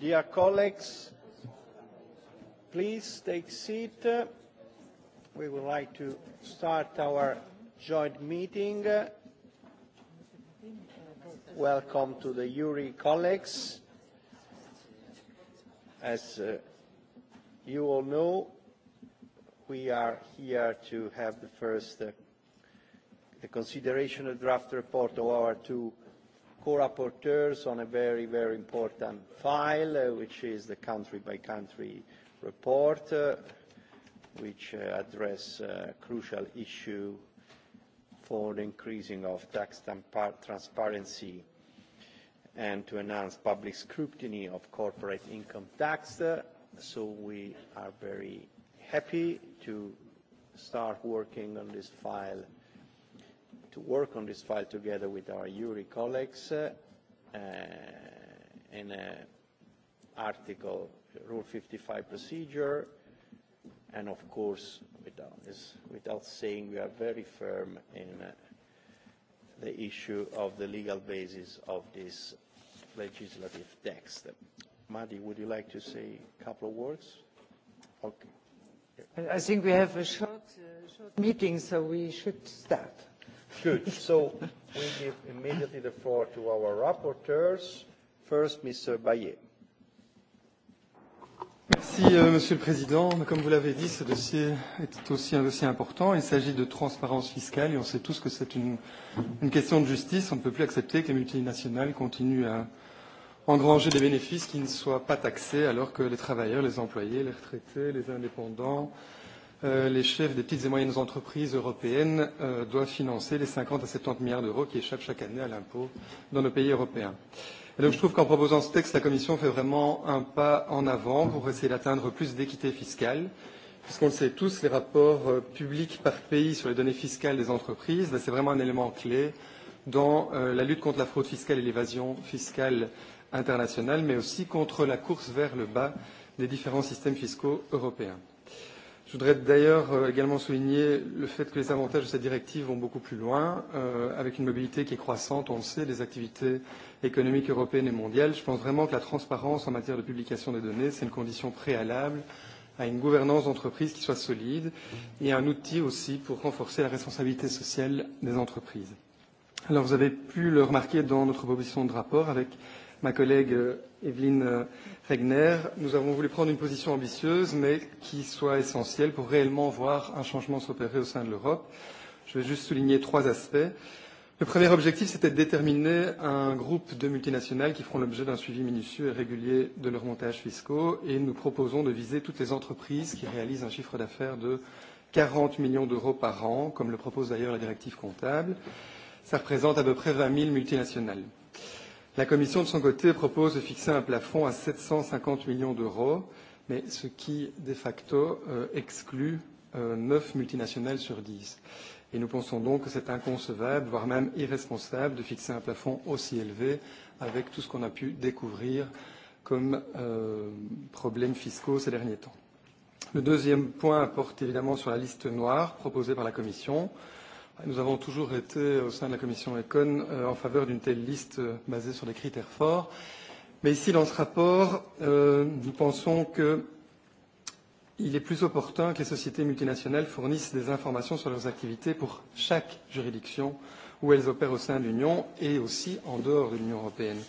Dear colleagues, please take seat. We would like to start our joint meeting. Welcome to the URI colleagues. As uh, you all know, we are here to have the first, uh, the consideration of draft report of our two co-rapporteurs on a very, very important file, uh, which is the country-by-country -country report, uh, which uh, address uh, crucial issue for the increasing of tax transparency and to enhance public scrutiny of corporate income tax. Uh, so we are very happy to start working on this file to work on this file together with our URI colleagues uh, uh in an article, Rule 55 procedure, and of course, without, is, without saying, we are very firm in uh, the issue of the legal basis of this legislative text. Madi, would you like to say a couple of words? Okay. I think we have a short, uh, short meeting, so we should start. Good. So we give immediately the floor to our rapporteurs. First, Mr. Bayet. Merci, euh, Monsieur le Président. Comme vous l'avez dit, ce dossier est aussi un dossier important. Il s'agit de transparence fiscale et on sait tous que c'est une, une question de justice. On ne peut plus accepter que les multinationales continuent à engranger des bénéfices qui ne soient pas taxés alors que les travailleurs, les employés, les retraités, les indépendants, euh, Euh, les chefs des petites et moyennes entreprises européennes euh, doivent financer les 50 à 70 milliards d'euros qui échappent chaque année à l'impôt dans nos pays européens. Et donc je trouve qu'en proposant ce texte, la Commission fait vraiment un pas en avant pour essayer d'atteindre plus d'équité fiscale, puisqu'on le sait tous, les rapports euh, publics par pays sur les données fiscales des entreprises, ben, c'est vraiment un élément clé dans euh, la lutte contre la fraude fiscale et l'évasion fiscale internationale, mais aussi contre la course vers le bas des différents systèmes fiscaux européens. Je voudrais d'ailleurs euh, également souligner le fait que les avantages de cette directive vont beaucoup plus loin, euh, avec une mobilité qui est croissante, on le sait, des activités économiques européennes et mondiales. Je pense vraiment que la transparence en matière de publication des données, c'est une condition préalable à une gouvernance d'entreprise qui soit solide et un outil aussi pour renforcer la responsabilité sociale des entreprises. Alors vous avez pu le remarquer dans notre proposition de rapport avec euh, ma collègue euh, Evelyne euh, Regner, nous avons voulu prendre une position ambitieuse, mais qui soit essentielle pour réellement voir un changement s'opérer au sein de l'Europe. Je vais juste souligner trois aspects. Le premier objectif, c'était de déterminer un groupe de multinationales qui feront l'objet d'un suivi minutieux et régulier de leurs montages fiscaux. Et nous proposons de viser toutes les entreprises qui réalisent un chiffre d'affaires de 40 millions d'euros par an, comme le propose d'ailleurs la directive comptable. Ça représente à peu près 20 000 multinationales. Euh, La Commission, de son côté, propose de fixer un plafond à 750 millions d'euros, mais ce qui, de facto, euh, exclut euh, 9 multinationales sur 10. Et nous pensons donc que c'est inconcevable, voire même irresponsable, de fixer un plafond aussi élevé avec tout ce qu'on a pu découvrir comme euh, problèmes fiscaux ces derniers temps. Le deuxième point porte évidemment sur la liste noire proposée par la Commission. Euh, Nous avons toujours été, au sein de la commission ECON, euh, en faveur d'une telle liste euh, basée sur des critères forts. Mais ici, dans ce rapport, euh, nous pensons qu'il est plus opportun que les sociétés multinationales fournissent des informations sur leurs activités pour chaque juridiction où elles opèrent au sein de l'Union et aussi en dehors de l'Union européenne.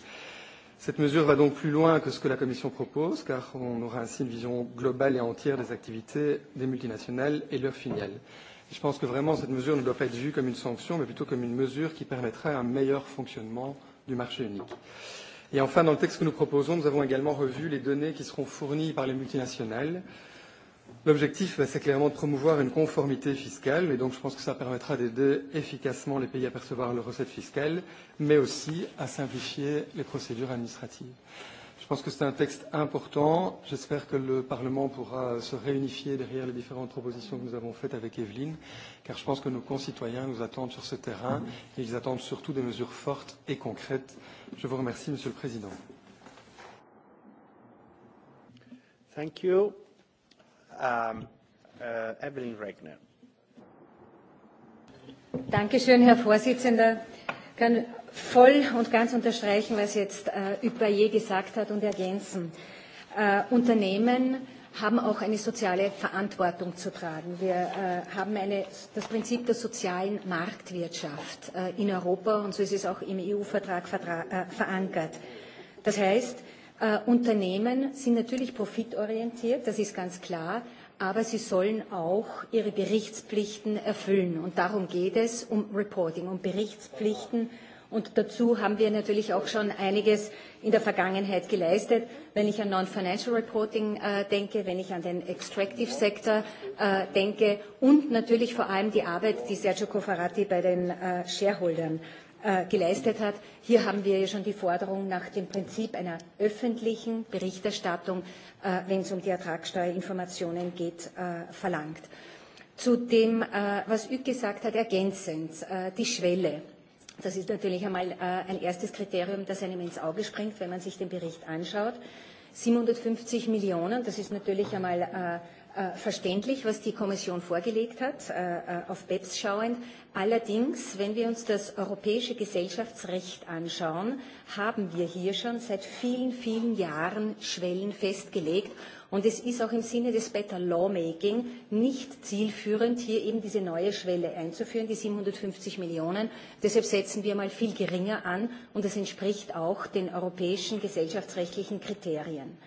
Cette mesure va donc plus loin que ce que la Commission propose, car on aura ainsi une vision globale et entière des activités des multinationales et leurs filiales. Euh, Je pense que vraiment cette mesure ne doit pas être vue comme une sanction, mais plutôt comme une mesure qui permettrait un meilleur fonctionnement du marché unique. Et enfin, dans le texte que nous proposons, nous avons également revu les données qui seront fournies par les multinationales. L'objectif, ben, c'est clairement de promouvoir une conformité fiscale, et donc je pense que ça permettra d'aider efficacement les pays à percevoir leurs recettes fiscales, mais aussi à simplifier les procédures administratives. Je pense que c'est un texte important. J'espère que le Parlement pourra se réunifier derrière les différentes propositions que nous avons faites avec Evelyne, car je pense que nos concitoyens nous attendent sur ce terrain et ils attendent surtout des mesures fortes et concrètes. Je vous remercie, Monsieur le Président. Thank you. Um, uh, Evelyn Regner. Dankeschön, Herr Vorsitzender kann voll und ganz unterstreichen, was jetzt äh, Ypayer gesagt hat und ergänzen. Äh, Unternehmen haben auch eine soziale Verantwortung zu tragen. Wir äh, haben eine, das Prinzip der sozialen Marktwirtschaft äh, in Europa und so ist es auch im EU-Vertrag äh, verankert. Das heißt, äh, Unternehmen sind natürlich profitorientiert, das ist ganz klar, aber sie sollen auch ihre Berichtspflichten erfüllen. Und darum geht es, um Reporting, um Berichtspflichten. Und dazu haben wir natürlich auch schon einiges in der Vergangenheit geleistet. Wenn ich an Non-Financial Reporting äh, denke, wenn ich an den Extractive Sector äh, denke und natürlich vor allem die Arbeit, die Sergio Cofferati bei den äh, Shareholdern äh, äh, geleistet hat. Hier haben wir ja schon die Forderung nach dem Prinzip einer öffentlichen Berichterstattung, äh, wenn es um die Ertragssteuerinformationen geht, äh, verlangt. Zu dem, äh, was Ück gesagt hat, ergänzend, äh, die Schwelle. Das ist natürlich einmal äh, ein erstes Kriterium, das einem ins Auge springt, wenn man sich den Bericht anschaut. 750 Millionen, das ist natürlich einmal äh, äh, verständlich, was die Kommission vorgelegt hat, äh, äh, auf BEPS schauend. Allerdings, wenn wir uns das europäische Gesellschaftsrecht anschauen, haben wir hier schon seit vielen, vielen Jahren Schwellen festgelegt. Und es ist auch im Sinne des Better Lawmaking nicht zielführend, hier eben diese neue Schwelle einzuführen, die 750 Millionen. Deshalb setzen wir mal viel geringer an und das entspricht auch den europäischen gesellschaftsrechtlichen Kriterien.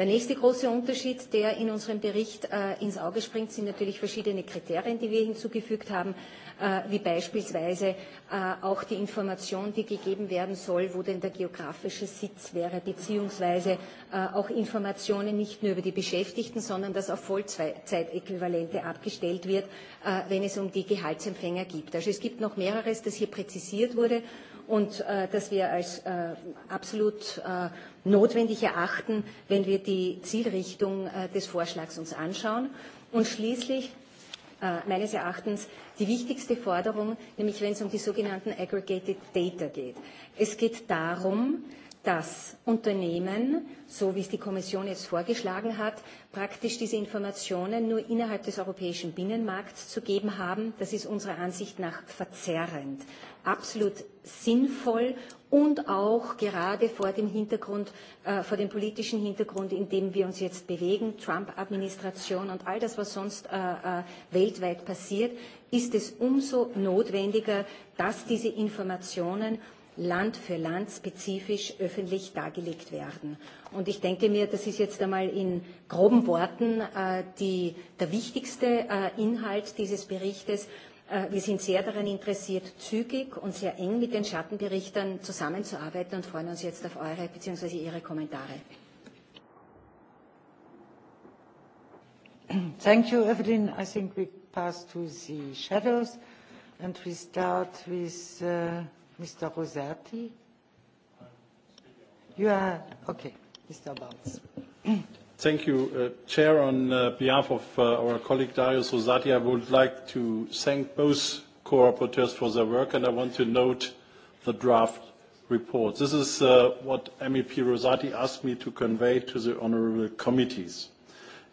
Der nächste große Unterschied, der in unserem Bericht äh, ins Auge springt, sind natürlich verschiedene Kriterien, die wir hinzugefügt haben, äh, wie beispielsweise äh, auch die Information, die gegeben werden soll, wo denn der geografische Sitz wäre, beziehungsweise äh, auch Informationen nicht nur über die Beschäftigten, sondern dass auf Vollzeitäquivalente abgestellt wird, äh, wenn es um die Gehaltsempfänger geht. Also es gibt noch mehreres, das hier präzisiert wurde und äh, das wir als äh, absolut äh, notwendig erachten, wenn wir die Zielrichtung äh, des Vorschlags uns anschauen. Und schließlich äh, meines Erachtens die wichtigste Forderung, nämlich wenn es um die sogenannten Aggregated Data geht. Es geht darum, dass Unternehmen, so wie es die Kommission jetzt vorgeschlagen hat, praktisch diese Informationen nur innerhalb des europäischen Binnenmarkts zu geben haben. Das ist unserer Ansicht nach verzerrend absolut sinnvoll und auch gerade vor dem Hintergrund, äh, vor dem politischen Hintergrund, in dem wir uns jetzt bewegen, Trump-Administration und all das, was sonst äh, äh, weltweit passiert, ist es umso notwendiger, dass diese Informationen Land für Land spezifisch öffentlich dargelegt werden. Und ich denke mir, das ist jetzt einmal in groben Worten äh, die, der wichtigste äh, Inhalt dieses Berichtes, Äh, wir sind sehr daran interessiert, zügig und sehr eng mit den Schattenberichtern zusammenzuarbeiten und freuen uns jetzt auf eure bzw. Ihre Kommentare. Thank you, Evelyn. I think we pass to the shadows, and we start with uh, Mr. Rosati. You are okay, Mr. Balz. Thank you, uh, Chair. On uh, behalf of uh, our colleague Darius Rosati, I would like to thank both co-rapporteurs for their work, and I want to note the draft report. This is uh, what MEP Rosati asked me to convey to the honourable committees.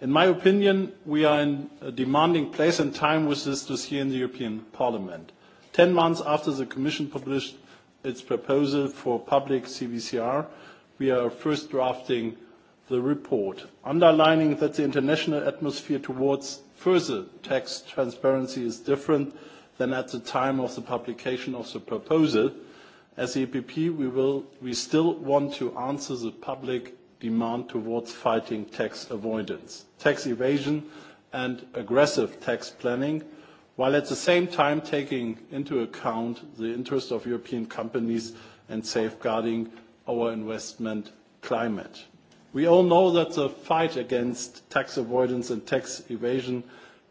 In my opinion, we are in a demanding place and time with this dossier in the European Parliament. Ten months after the Commission published its proposal for public CBCR, we are first drafting the report, underlining that the international atmosphere towards further tax transparency is different than at the time of the publication of the proposal. As the EPP, we, will, we still want to answer the public demand towards fighting tax avoidance, tax evasion, and aggressive tax planning, while at the same time taking into account the interest of European companies and safeguarding our investment climate. We all know that the fight against tax avoidance and tax evasion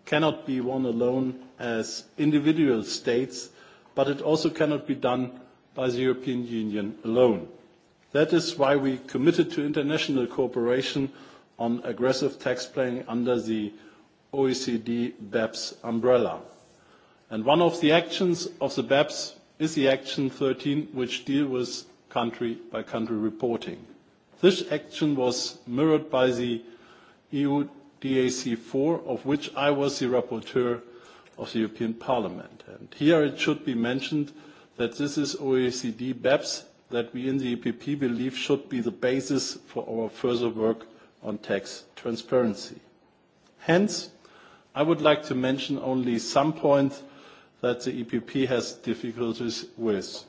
cannot be won alone as individual states, but it also cannot be done by the European Union alone. That is why we committed to international cooperation on aggressive tax planning under the OECD BEPS umbrella. And one of the actions of the BEPS is the Action 13, which deal with country-by-country -country reporting. This action was mirrored by the EU DAC4, of which I was the rapporteur of the European Parliament. And here it should be mentioned that this is OECD BEPS that we in the EPP believe should be the basis for our further work on tax transparency. Hence, I would like to mention only some points that the EPP has difficulties with.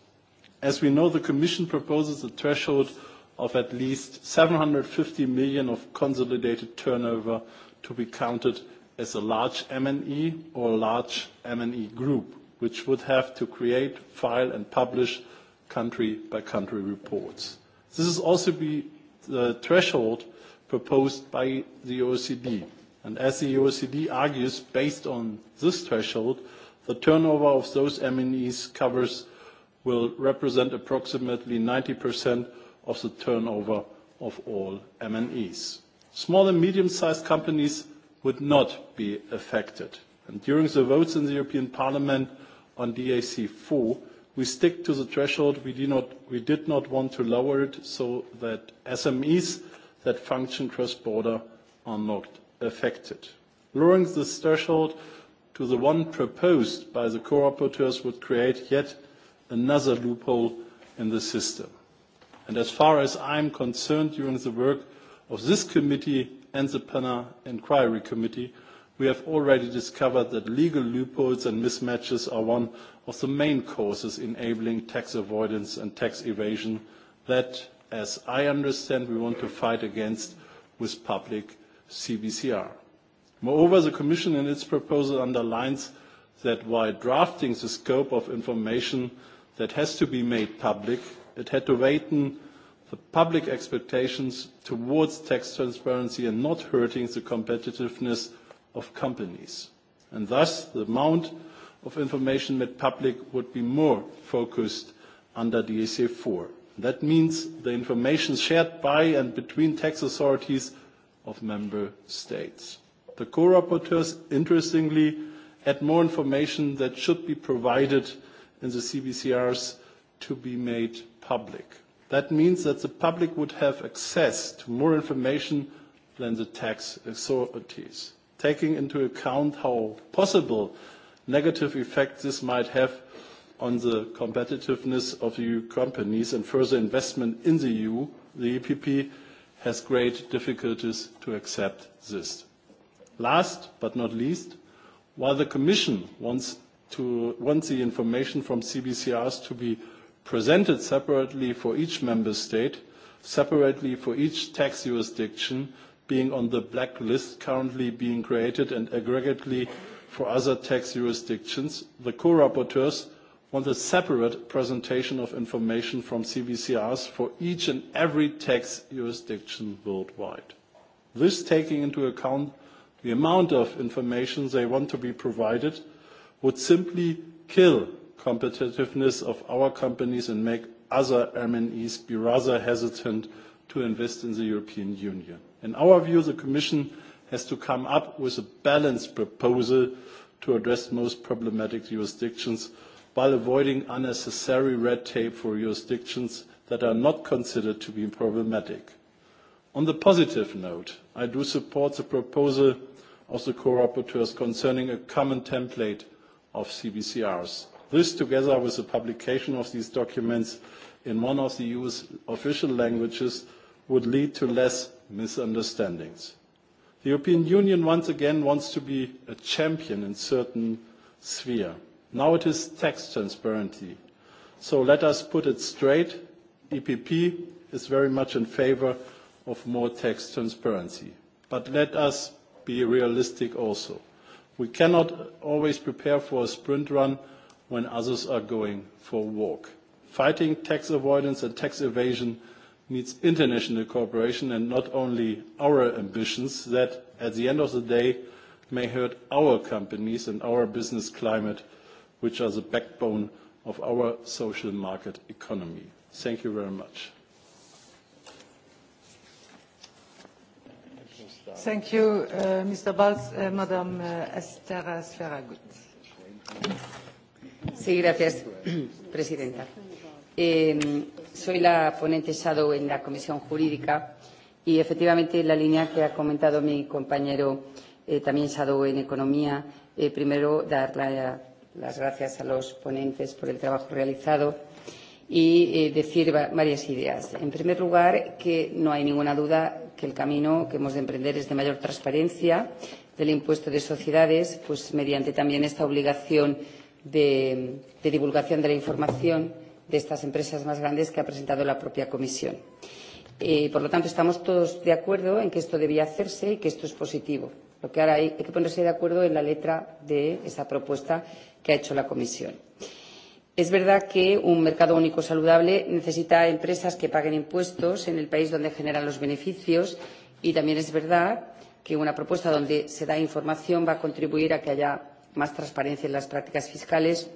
As we know, the Commission proposes a threshold of at least 750 million of consolidated turnover to be counted as a large MNE or large MNE group, which would have to create, file, and publish country-by-country -country reports. This is also be the threshold proposed by the OECD. And as the OECD argues, based on this threshold, the turnover of those MNEs covers will represent approximately 90% of the turnover of all MNEs. Small and medium-sized companies would not be affected. And during the votes in the European Parliament on DAC4, we stick to the threshold. We, do not, we did not want to lower it so that SMEs that function cross-border are not affected. Lowering this threshold to the one proposed by the co-rapporteurs would create yet another loophole in the system. And as far as I'm concerned, during the work of this committee and the PANA Inquiry Committee, we have already discovered that legal loopholes and mismatches are one of the main causes enabling tax avoidance and tax evasion that, as I understand, we want to fight against with public CBCR. Moreover, the Commission in its proposal underlines that while drafting the scope of information that has to be made public, It had to weighten the public expectations towards tax transparency and not hurting the competitiveness of companies. And thus, the amount of information made public would be more focused under DSA IV. That means the information shared by and between tax authorities of member states. The co-rapporteurs, interestingly, add more information that should be provided in the CBCRs to be made public. That means that the public would have access to more information than the tax authorities, taking into account how possible negative effect this might have on the competitiveness of EU e companies and further investment in the EU, the EPP has great difficulties to accept this. Last but not least, while the Commission wants, to, wants the information from CBCRs to be presented separately for each member state, separately for each tax jurisdiction being on the black list currently being created and aggregately for other tax jurisdictions. The co-rapporteurs want a separate presentation of information from CBCRs for each and every tax jurisdiction worldwide. This taking into account the amount of information they want to be provided would simply kill competitiveness of our companies and make other MNEs be rather hesitant to invest in the European Union. In our view, the Commission has to come up with a balanced proposal to address most problematic jurisdictions while avoiding unnecessary red tape for jurisdictions that are not considered to be problematic. On the positive note, I do support the proposal of the co-rapporteurs concerning a common template of CBCRs. This, together with the publication of these documents in one of the EU's official languages, would lead to less misunderstandings. The European Union once again wants to be a champion in certain sphere. Now it is tax transparency. So let us put it straight. EPP is very much in favor of more tax transparency. But let us be realistic also. We cannot always prepare for a sprint run when others are going for a walk. Fighting tax avoidance and tax evasion needs international cooperation and not only our ambitions that, at the end of the day, may hurt our companies and our business climate, which are the backbone of our social market economy. Thank you very much. Thank you, uh, Mr. Balz. Uh, Madam uh, Esther Sferagut. Sí, gracias, presidenta. Eh, soy la ponente Shadow en la Comisión Jurídica y efectivamente la línea que ha comentado mi compañero eh, también Shadow en Economía, eh, primero dar la, las gracias a los ponentes por el trabajo realizado y eh, decir va, varias ideas. En primer lugar, que no hay ninguna duda que el camino que hemos de emprender es de mayor transparencia del impuesto de sociedades, pues mediante también esta obligación de, de divulgación de la información de estas empresas más grandes que ha presentado la propia Comisión. Eh, por lo tanto, estamos todos de acuerdo en que esto debía hacerse y que esto es positivo. Lo que ahora hay, hay que ponerse de acuerdo en la letra de esa propuesta que ha hecho la Comisión. Es verdad que un mercado único saludable necesita empresas que paguen impuestos en el país donde generan los beneficios y también es verdad que una propuesta donde se da información va a contribuir a que haya más transparencia en las prácticas fiscales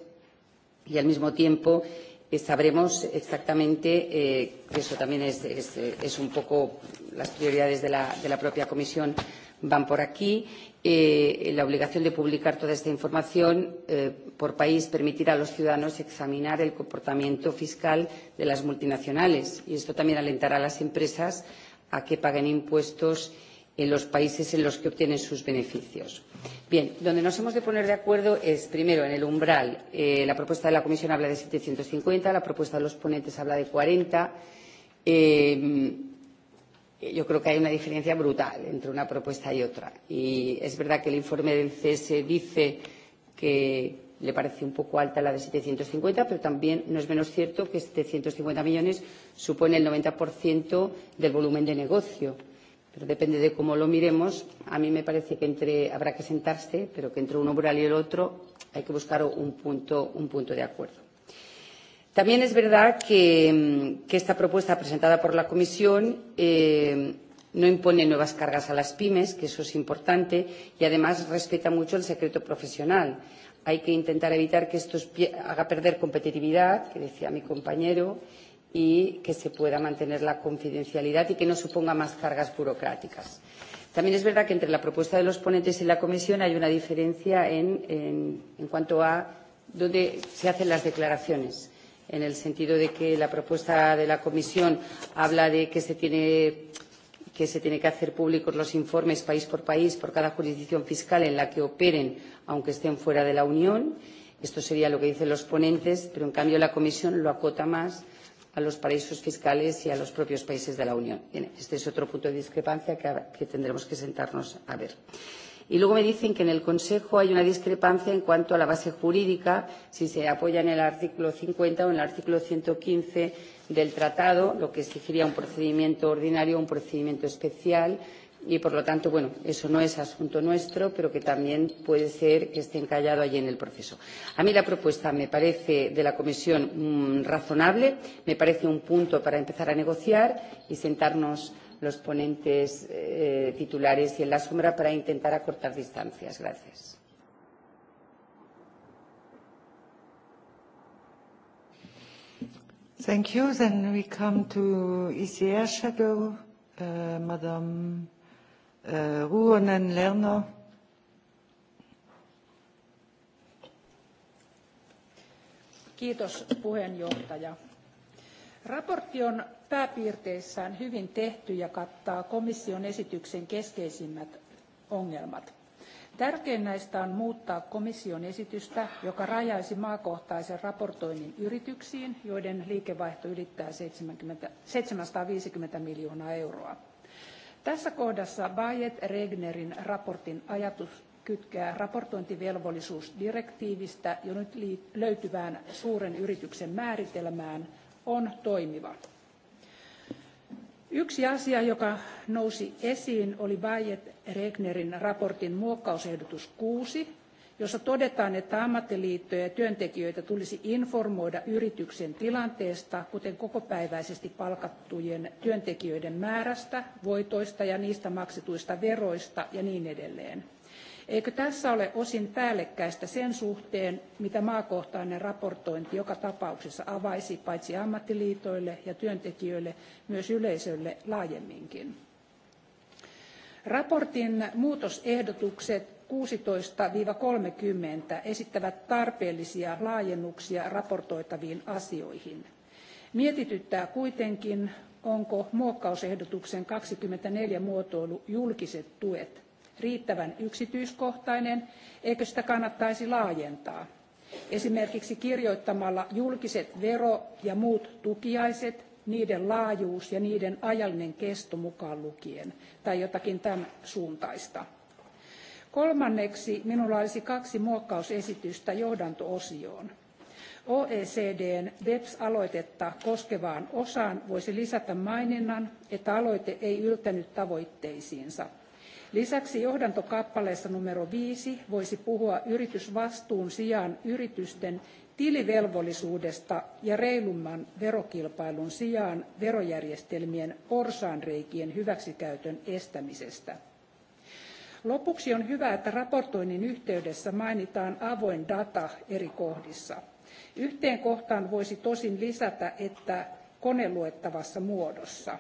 y, al mismo tiempo, eh, sabremos exactamente, eh, que eso también es, es, eh, es un poco las prioridades de la, de la propia Comisión van por aquí. Eh, la obligación de publicar toda esta información eh, por país permitirá a los ciudadanos examinar el comportamiento fiscal de las multinacionales y esto también alentará a las empresas a que paguen impuestos eh, en los países en los que obtienen sus beneficios. Bien, donde nos hemos de poner de acuerdo es, primero, en el umbral. Eh, la propuesta de la Comisión habla de 750, la propuesta de los ponentes habla de 40. Eh, yo creo que hay una diferencia brutal entre una propuesta y otra. Y es verdad que el informe del CS dice que le parece un poco alta la de 750, pero también no es menos cierto que 750 millones supone el 90% del volumen de negocio pero depende de cómo lo miremos. A mí me parece que entre, habrá que sentarse, pero que entre un umbral y el otro hay que buscar un punto, un punto de acuerdo. También es verdad que, mm, que esta propuesta presentada por la Comisión eh, no impone nuevas cargas a las pymes, que eso es importante, y además respeta mucho el secreto profesional. Hay que intentar evitar que esto haga perder competitividad, que decía mi compañero, y que se pueda mantener la confidencialidad y que no suponga más cargas burocráticas. También es verdad que entre la propuesta de los ponentes y la Comisión hay una diferencia en, en, en cuanto a dónde se hacen las declaraciones, en el sentido de que la propuesta de la Comisión habla de que se tiene que se tiene que hacer públicos los informes país por país por cada jurisdicción fiscal en la que operen, aunque estén fuera de la Unión. Esto sería lo que dicen los ponentes, pero en cambio la Comisión lo acota más a los paraísos fiscales y a los propios países de la Unión. Bien, este es otro punto de discrepancia que, que tendremos que sentarnos a ver. Y luego me dicen que en el Consejo hay una discrepancia en cuanto a la base jurídica, si se apoya en el artículo 50 o en el artículo 115 del tratado, lo que exigiría un procedimiento ordinario o un procedimiento especial y por lo tanto, bueno, eso no es asunto nuestro, pero que también puede ser que esté encallado allí en el proceso. A mí la propuesta me parece de la Comisión mmm, razonable, me parece un punto para empezar a negociar y sentarnos los ponentes eh, titulares y en la sombra para intentar acortar distancias. Gracias. Thank you. Then we come to ECR shadow, uh, Madame Äh, ruohonen lerner arvoisa mietintö on pääpiirteissään hyvin tehty ja kattaa komission esityksen keskeisimmät ongelmat. tärkein näistä on muuttaa komission esitystä joka rajaisi maakohtaisen raportoinnin yrityksiin joiden liikevaihto ylittää seitsemänsataa viisikymmentä miljoonaa euroa. Tässä kohdassa Bayet Regnerin raportin ajatus kytkeä raportointivelvollisuusdirektiivistä jo nyt löytyvään suuren yrityksen määritelmään on toimiva. Yksi asia, joka nousi esiin, oli Bayet Regnerin raportin muokkausehdotus 6, jossa todetaan että ammattiliittoja ja työntekijöitä tulisi informoida yrityksen tilanteesta kuten kokopäiväisesti palkattujen työntekijöiden määrästä voitoista ja niistä maksetuista veroista ja niin edelleen. eikö tässä ole osin päällekkäistä sen suhteen mitä maakohtainen raportointi joka tapauksessa avaisi paitsi ammattiliitoille ja työntekijöille myös yleisölle laajemminkin? Raportin muutosehdotukset 16 kolmekymmentä esittävät tarpeellisia laajennuksia raportoitaviin asioihin. Mietityttää kuitenkin, onko muokkausehdotuksen 24 muotoilu julkiset tuet riittävän yksityiskohtainen, eikö sitä kannattaisi laajentaa. Esimerkiksi kirjoittamalla julkiset vero- ja muut tukiaiset, niiden laajuus ja niiden ajallinen kesto mukaan lukien, tai jotakin tämän suuntaista kolmanneksi minulla olisi kaksi muokkausesitystä johdantoosioon oecdn beps aloitetta koskevaan osaan voisi lisätä maininnan että aloite ei yltänyt tavoitteisiinsa. lisäksi johdantokappaleessa numero viisi voisi puhua yritysvastuun sijaan yritysten tilivelvollisuudesta ja reilumman verokilpailun sijaan verojärjestelmien porsaanreikien hyväksikäytön estämisestä lopuksi on hyvä että raportoinnin yhteydessä mainitaan avoin data eri kohdissa. yhteen kohtaan voisi tosin lisätä että koneluettavassa muodossa.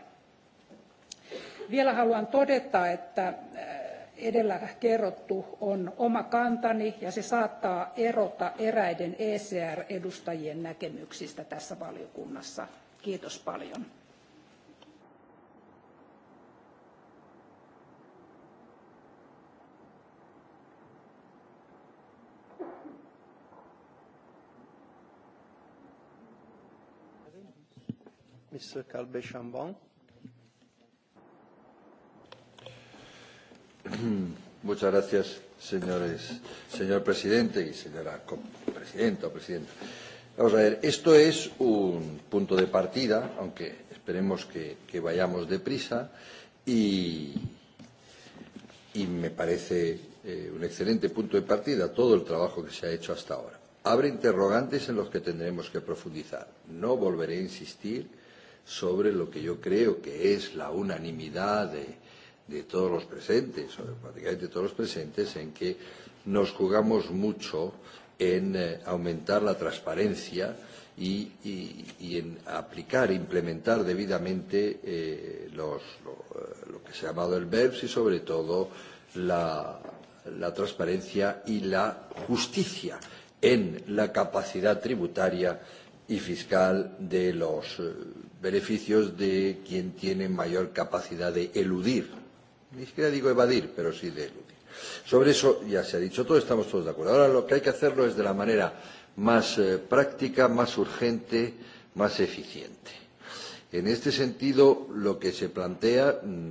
vielä haluan todeta että äh, edellä kerrottu on oma kantani ja se saattaa erota eräiden ecr edustajien näkemyksistä tässä valiokunnassa. kiitos paljon. Mr. Calbe Chambon. Muchas gracias, señores, señor presidente y señora presidenta o presidenta. Vamos a ver, esto es un punto de partida, aunque esperemos que, que vayamos deprisa, y, y me parece eh, un excelente punto de partida todo el trabajo que se ha hecho hasta ahora. Abre interrogantes en los que tendremos que profundizar. No volveré a insistir sobre lo que yo creo que es la unanimidad de, de todos los presentes, o prácticamente todos los presentes, en que nos jugamos mucho en eh, aumentar la transparencia y, y, y en aplicar e implementar debidamente eh, los, lo, eh, lo que se ha llamado el BEPS y sobre todo la, la transparencia y la justicia en la capacidad tributaria y fiscal de los eh, beneficios de quien tiene mayor capacidad de eludir. Ni siquiera digo evadir, pero sí de eludir. Sobre eso ya se ha dicho todo, estamos todos de acuerdo. Ahora lo que hay que hacerlo es de la manera más eh, práctica, más urgente, más eficiente. En este sentido, lo que se plantea, mm,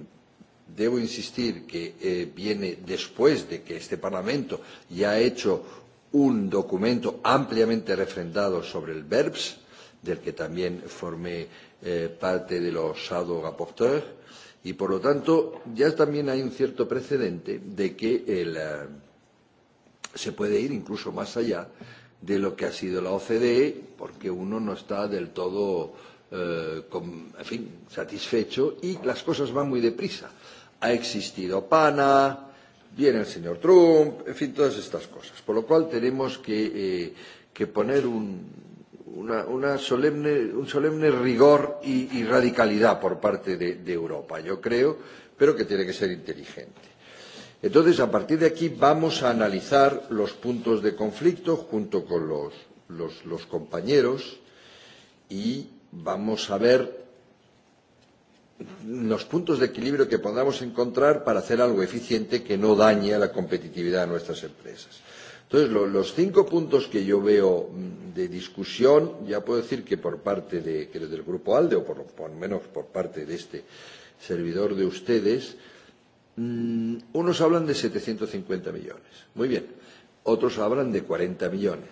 debo insistir que eh, viene después de que este Parlamento ya ha hecho un documento ampliamente refrendado sobre el BERPS, del que también formé eh, parte de los shadow rapporteurs. Y por lo tanto, ya también hay un cierto precedente de que el, eh, se puede ir incluso más allá de lo que ha sido la OCDE, porque uno no está del todo, eh, con, en fin, satisfecho y las cosas van muy deprisa. Ha existido PANA, viene el señor Trump, en fin, todas estas cosas. Por lo cual tenemos que, eh, que poner un, una, una solemne, un solemne rigor y, y radicalidad por parte de, de Europa, yo creo, pero que tiene que ser inteligente. Entonces, a partir de aquí vamos a analizar los puntos de conflicto junto con los, los, los compañeros y vamos a ver los puntos de equilibrio que podamos encontrar para hacer algo eficiente que no dañe a la competitividad de nuestras empresas. Entonces, lo, los cinco puntos que yo veo mm, de discusión, ya puedo decir que por parte de, que desde el Grupo ALDE, o por lo por menos por parte de este servidor de ustedes, mmm, unos hablan de 750 millones. Muy bien. Otros hablan de 40 millones.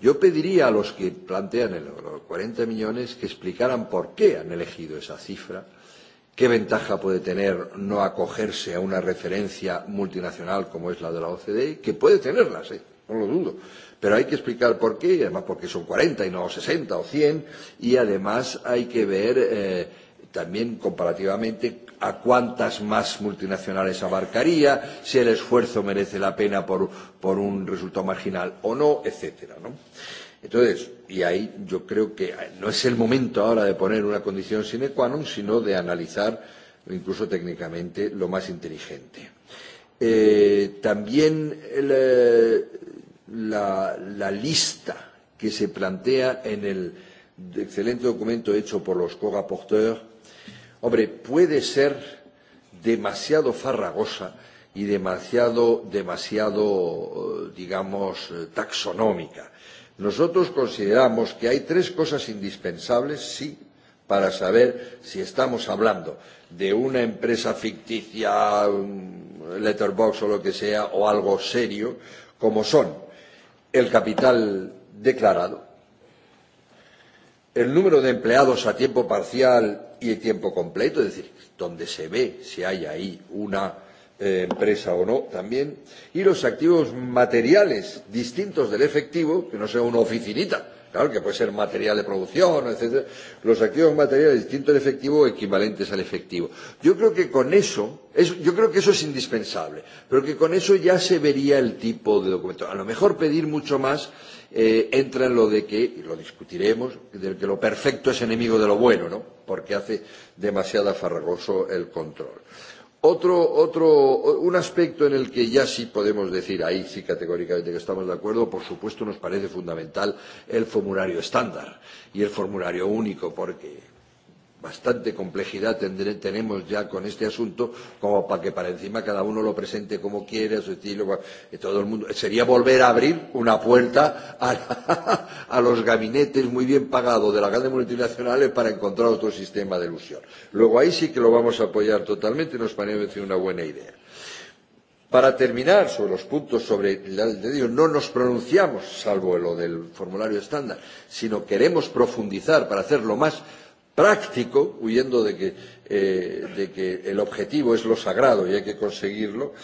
Yo pediría a los que plantean el, los 40 millones que explicaran por qué han elegido esa cifra ¿Qué ventaja puede tener no acogerse a una referencia multinacional como es la de la OCDE? Que puede tenerlas, ¿eh? no lo dudo. Pero hay que explicar por qué, y además porque son 40 y no 60 o 100, y además hay que ver eh, también comparativamente a cuántas más multinacionales abarcaría, si el esfuerzo merece la pena por, por un resultado marginal o no, etcétera. ¿no? Eh, Entonces, y ahí yo creo que eh, no es el momento ahora de poner una condición sine qua non, sino de analizar incluso técnicamente lo más inteligente. Eh, también el, eh, la, la lista que se plantea en el excelente documento hecho por los co-rapporteurs, hombre, puede ser demasiado farragosa y demasiado, demasiado, eh, digamos, taxonómica. Nosotros consideramos que hay tres cosas indispensables, sí, para saber si estamos hablando de una empresa ficticia, un letterbox o lo que sea, o algo serio, como son el capital declarado, el número de empleados a tiempo parcial y tiempo completo, es decir, donde se ve si hay ahí una eh, empresa o no también, y los activos materiales distintos del efectivo, que no sea una oficinita, claro que puede ser material de producción, etcétera, los activos materiales distintos del efectivo o equivalentes al efectivo. Yo creo que con eso, es, yo creo que eso es indispensable, pero que con eso ya se vería el tipo de documento. A lo mejor pedir mucho más eh, entra en lo de que, y lo discutiremos, de que lo perfecto es enemigo de lo bueno, ¿no? Porque hace demasiado farragoso el control. Eh, Otro, otro, un aspecto en el que ya sí podemos decir, ahí sí categóricamente que estamos de acuerdo, por supuesto nos parece fundamental el formulario estándar y el formulario único, porque bastante complejidad tendré, tenemos ya con este asunto como para que para encima cada uno lo presente como quiere, a su estilo, y eh, todo el mundo. Sería volver a abrir una puerta a, la, a los gabinetes muy bien pagados de las grandes multinacionales para encontrar otro sistema de ilusión. Luego ahí sí que lo vamos a apoyar totalmente, nos parece una buena idea. Para terminar sobre los puntos sobre la de Dios, no nos pronunciamos, salvo lo del formulario estándar, sino queremos profundizar para hacerlo más práctico, huyendo de que, eh, de que el objetivo es lo sagrado y hay que conseguirlo,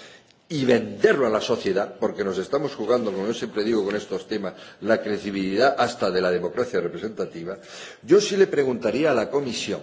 y venderlo a la sociedad, porque nos estamos jugando, como yo siempre digo con estos temas, la credibilidad hasta de la democracia representativa, yo sí le preguntaría a la Comisión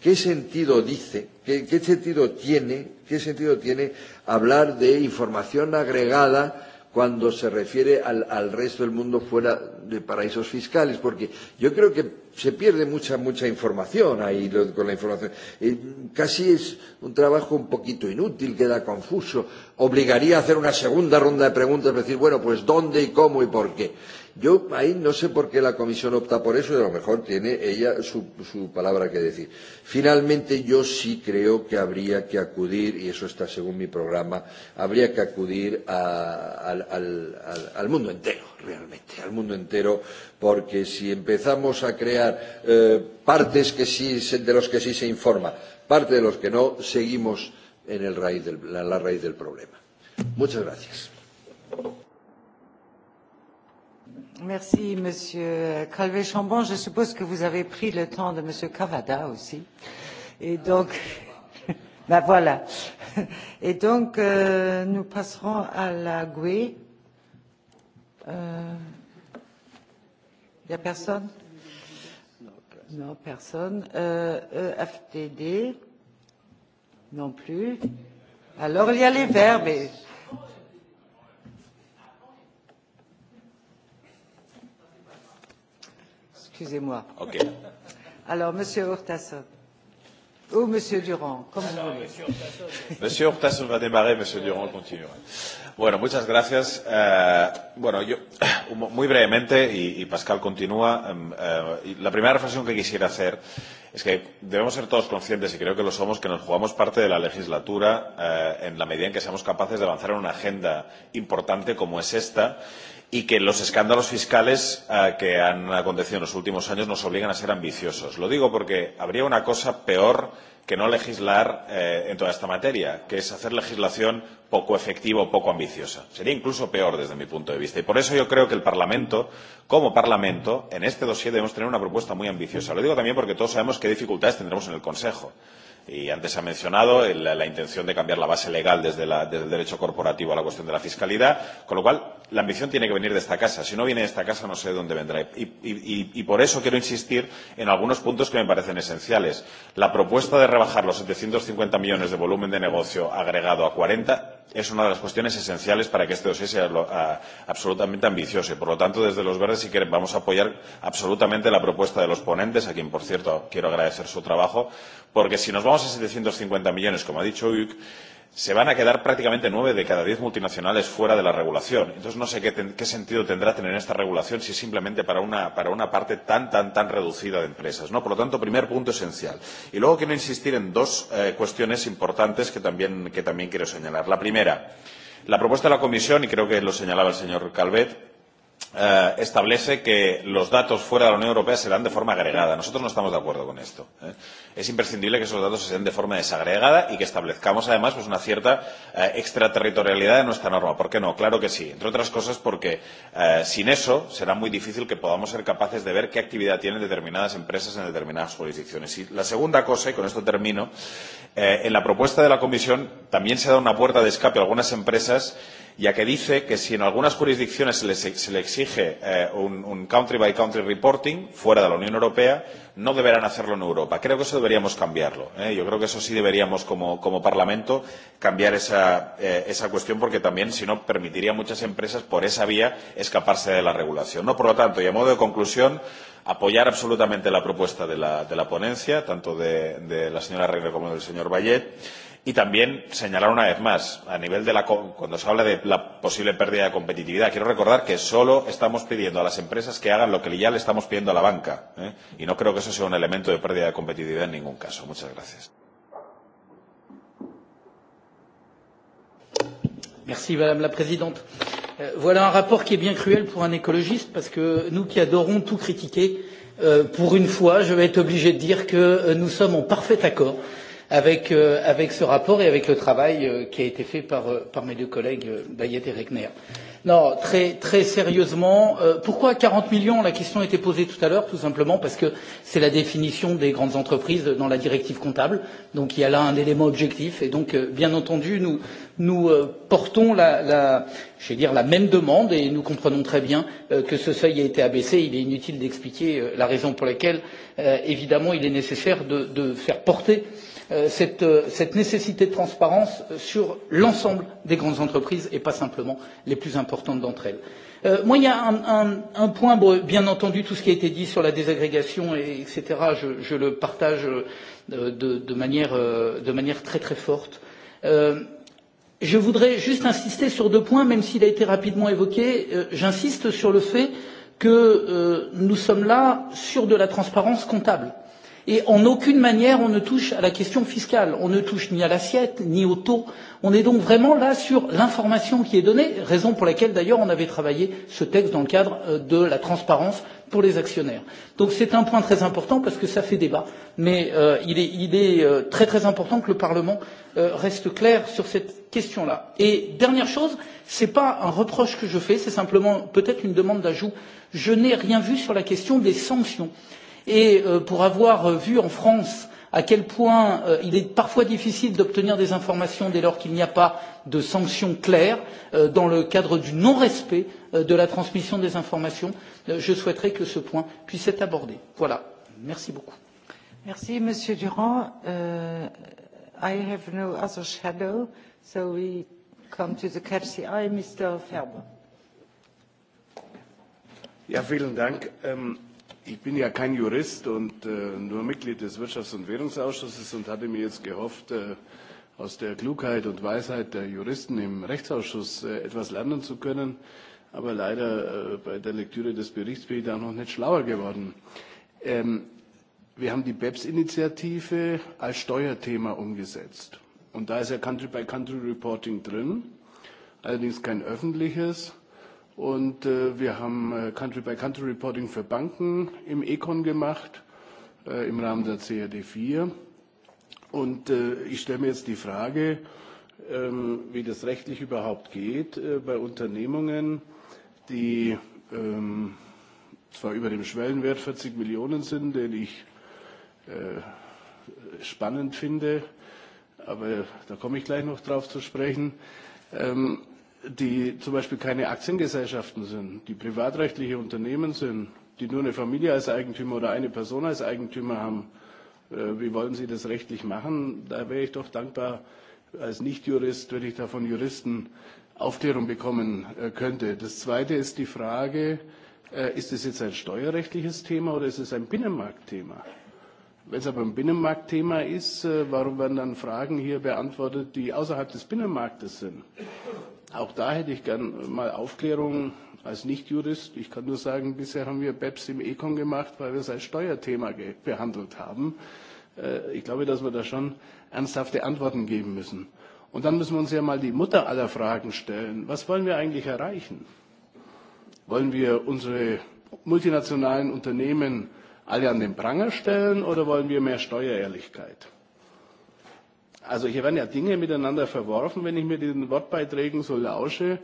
qué sentido dice, qué, qué sentido tiene, qué sentido tiene hablar de información agregada cuando se refiere al, al resto del mundo fuera de paraísos fiscales, porque yo creo que se pierde mucha, mucha información ahí lo, con la información. Eh, casi es un trabajo un poquito inútil, queda confuso. Obligaría a hacer una segunda ronda de preguntas, decir, bueno, pues dónde y cómo y por qué. Yo ahí no sé por qué la Comisión opta por eso y a lo mejor tiene ella su, su palabra que decir. Finalmente, yo sí creo que habría que acudir, y eso está según mi programa, habría que acudir a, al, al, al, al mundo entero, realmente, al mundo entero, porque si empezamos a crear eh, partes que sí, de los que sí se informa, parte de los que no, seguimos en el raíz del, la, la raíz del problema. Muchas gracias. Merci, Monsieur Calvé-Chambon. Je suppose que vous avez pris le temps de Monsieur Cavada aussi. Et donc, ben voilà. Et donc, euh, nous passerons à la GUE. Il euh, n'y a personne Non, personne. Euh, EFTD euh, Non plus. Alors, il y a les verbes. Et... Excusez-moi. OK. Alors, Monsieur Hortasson. Ou Monsieur Durand, como vous voulez. Monsieur Hurtasun va a démarrer, Monsieur Durand continuará. Bueno, muchas gracias. Eh, bueno, yo muy brevemente, y, y Pascal continúa, eh, la primera reflexión que quisiera hacer es que debemos ser todos conscientes, y creo que lo somos, que nos jugamos parte de la legislatura eh, en la medida en que seamos capaces de avanzar en una agenda importante como es esta y que los escándalos fiscales eh, que han acontecido en los últimos años nos obligan a ser ambiciosos. Lo digo porque habría una cosa peor que no legislar eh, en toda esta materia, que es hacer legislación poco efectiva o poco ambiciosa. Sería incluso peor desde mi punto de vista. Y por eso yo creo que el Parlamento, como Parlamento, en este dossier debemos tener una propuesta muy ambiciosa. Lo digo también porque todos sabemos qué dificultades tendremos en el Consejo. Y antes se ha mencionado el, la intención de cambiar la base legal desde, la, desde el derecho corporativo a la cuestión de la fiscalidad, con lo cual la ambición tiene que venir de esta casa. Si no viene de esta casa, no sé de dónde vendrá. Y, y, y, y por eso quiero insistir en algunos puntos que me parecen esenciales. La propuesta de rebajar los 750 millones de volumen de negocio agregado a 40 es una de las cuestiones esenciales para que este dossier sea lo, a, ah, absolutamente ambicioso. Y, por lo tanto, desde los verdes sí que vamos a apoyar absolutamente la propuesta de los ponentes, a quien, por cierto, quiero agradecer su trabajo, porque si nos vamos a 750 millones, como ha dicho Uyuk, se van a quedar prácticamente nueve de cada diez multinacionales fuera de la regulación. Entonces no sé qué, ten, qué sentido tendrá tener esta regulación si simplemente para una, para una parte tan, tan, tan reducida de empresas. ¿no? Por lo tanto, primer punto esencial. Y luego quiero insistir en dos eh, cuestiones importantes que también, que también quiero señalar. La primera, la propuesta de la Comisión, y creo que lo señalaba el señor Calvet, eh, establece que los datos fuera de la Unión Europea se dan de forma agregada. Nosotros no estamos de acuerdo con esto. ¿eh? Es imprescindible que esos datos se den de forma desagregada y que establezcamos, además, pues una cierta eh, extraterritorialidad de nuestra norma. ¿Por qué no? Claro que sí. Entre otras cosas porque eh, sin eso será muy difícil que podamos ser capaces de ver qué actividad tienen determinadas empresas en determinadas jurisdicciones. Y la segunda cosa, y con esto termino, eh, en la propuesta de la Comisión también se da una puerta de escape a algunas empresas ya que dice que si en algunas jurisdicciones se le, se le exige eh, un, un country by country reporting fuera de la Unión Europea, no deberán hacerlo en Europa. Creo que eso deberíamos cambiarlo. ¿eh? Yo creo que eso sí deberíamos, como, como Parlamento, cambiar esa, eh, esa cuestión porque también, si no, permitiría a muchas empresas por esa vía escaparse de la regulación. ¿no? Por lo tanto, y a modo de conclusión, apoyar absolutamente la propuesta de la, de la ponencia, tanto de, de la señora Reina como del señor Vallet Y también señalar una vez más, a nivel de la, cuando se habla de la posible pérdida de competitividad, quiero recordar que solo estamos pidiendo a las empresas que hagan lo que ya le estamos pidiendo a la banca. ¿eh? Y no creo que eso sea un elemento de pérdida de competitividad en ningún caso. Muchas gracias. Merci, Madame la Présidente. Euh, voilà un rapport qui est bien cruel pour un écologiste parce que nous qui adorons tout critiquer, euh, pour une fois, je vais être obligé de dire que euh, nous sommes en parfait accord euh, avec, euh, avec ce rapport et avec le travail euh, qui a été fait par, euh, par mes deux collègues euh, Bayet et Regner. Non, très, très sérieusement, euh, pourquoi 40 millions La question a été posée tout à l'heure, tout simplement parce que c'est la définition des grandes entreprises dans la directive comptable. Donc il y a là un élément objectif. Et donc, euh, bien entendu, nous, nous euh, portons la, la, je vais dire, la même demande et nous comprenons très bien euh, que ce seuil a été abaissé. Il est inutile d'expliquer euh, la raison pour laquelle, euh, évidemment, il est nécessaire de, de faire porter euh, Euh, cette, euh, cette nécessité de transparence euh, sur l'ensemble des grandes entreprises et pas simplement les plus importantes d'entre elles. Euh, moi, il y a un, un, un point, bon, bien entendu, tout ce qui a été dit sur la désagrégation, et, etc., je, je le partage euh, de, de, manière, euh, de manière très très forte. Euh, je voudrais juste insister sur deux points, même s'il a été rapidement évoqué. Euh, J'insiste sur le fait que euh, nous sommes là sur de la transparence comptable. Euh, Et en aucune manière, on ne touche à la question fiscale. On ne touche ni à l'assiette, ni au taux. On est donc vraiment là sur l'information qui est donnée, raison pour laquelle d'ailleurs on avait travaillé ce texte dans le cadre euh, de la transparence pour les actionnaires. Donc c'est un point très important parce que ça fait débat. Mais euh, il est, il est euh, très très important que le Parlement euh, reste clair sur cette question-là. Et dernière chose, ce n'est pas un reproche que je fais, c'est simplement peut-être une demande d'ajout. Je n'ai rien vu sur la question des sanctions. Euh, et euh, pour avoir euh, vu en france à quel point euh, il est parfois difficile d'obtenir des informations dès lors qu'il n'y a pas de sanctions claires euh, dans le cadre du non respect euh, de la transmission des informations euh, je souhaiterais que ce point puisse être abordé. voilà merci beaucoup. merci monsieur durand. Uh, i have no other shadow so we come to the catch the eye mr ferber. Ja, vielen Dank. Ähm, um Ich bin ja kein Jurist und äh, nur Mitglied des Wirtschafts- und Währungsausschusses und hatte mir jetzt gehofft, äh, aus der Klugheit und Weisheit der Juristen im Rechtsausschuss äh, etwas lernen zu können. Aber leider äh, bei der Lektüre des Berichts bin ich da noch nicht schlauer geworden. Ähm, wir haben die BEPS-Initiative als Steuerthema umgesetzt. Und da ist ja Country-by-Country-Reporting drin, allerdings kein öffentliches. Und äh, wir haben äh, Country-by-Country-Reporting für Banken im Econ gemacht, äh, im Rahmen der CRD 4. Und äh, ich stelle mir jetzt die Frage, ähm, wie das rechtlich überhaupt geht äh, bei Unternehmungen, die ähm, zwar über dem Schwellenwert 40 Millionen sind, den ich äh, spannend finde, aber da komme ich gleich noch drauf zu sprechen. Ähm, die zum Beispiel keine Aktiengesellschaften sind, die privatrechtliche Unternehmen sind, die nur eine Familie als Eigentümer oder eine Person als Eigentümer haben, äh, wie wollen Sie das rechtlich machen? Da wäre ich doch dankbar als Nichtjurist, wenn ich da von Juristen Aufklärung bekommen äh, könnte. Das Zweite ist die Frage, äh, ist es jetzt ein steuerrechtliches Thema oder ist es ein Binnenmarktthema? Wenn es aber ein Binnenmarktthema ist, äh, warum werden dann Fragen hier beantwortet, die außerhalb des Binnenmarktes sind? Auch da hätte ich gern mal Aufklärung als Nichtjurist. Ich kann nur sagen, bisher haben wir BEPS im Econ gemacht, weil wir es als Steuerthema behandelt haben. Äh, ich glaube, dass wir da schon ernsthafte Antworten geben müssen. Und dann müssen wir uns ja mal die Mutter aller Fragen stellen. Was wollen wir eigentlich erreichen? Wollen wir unsere multinationalen Unternehmen alle an den Pranger stellen oder wollen wir mehr Steuerehrlichkeit? Also hier werden ja Dinge miteinander verworfen, wenn ich mir diesen Wortbeiträgen so lausche,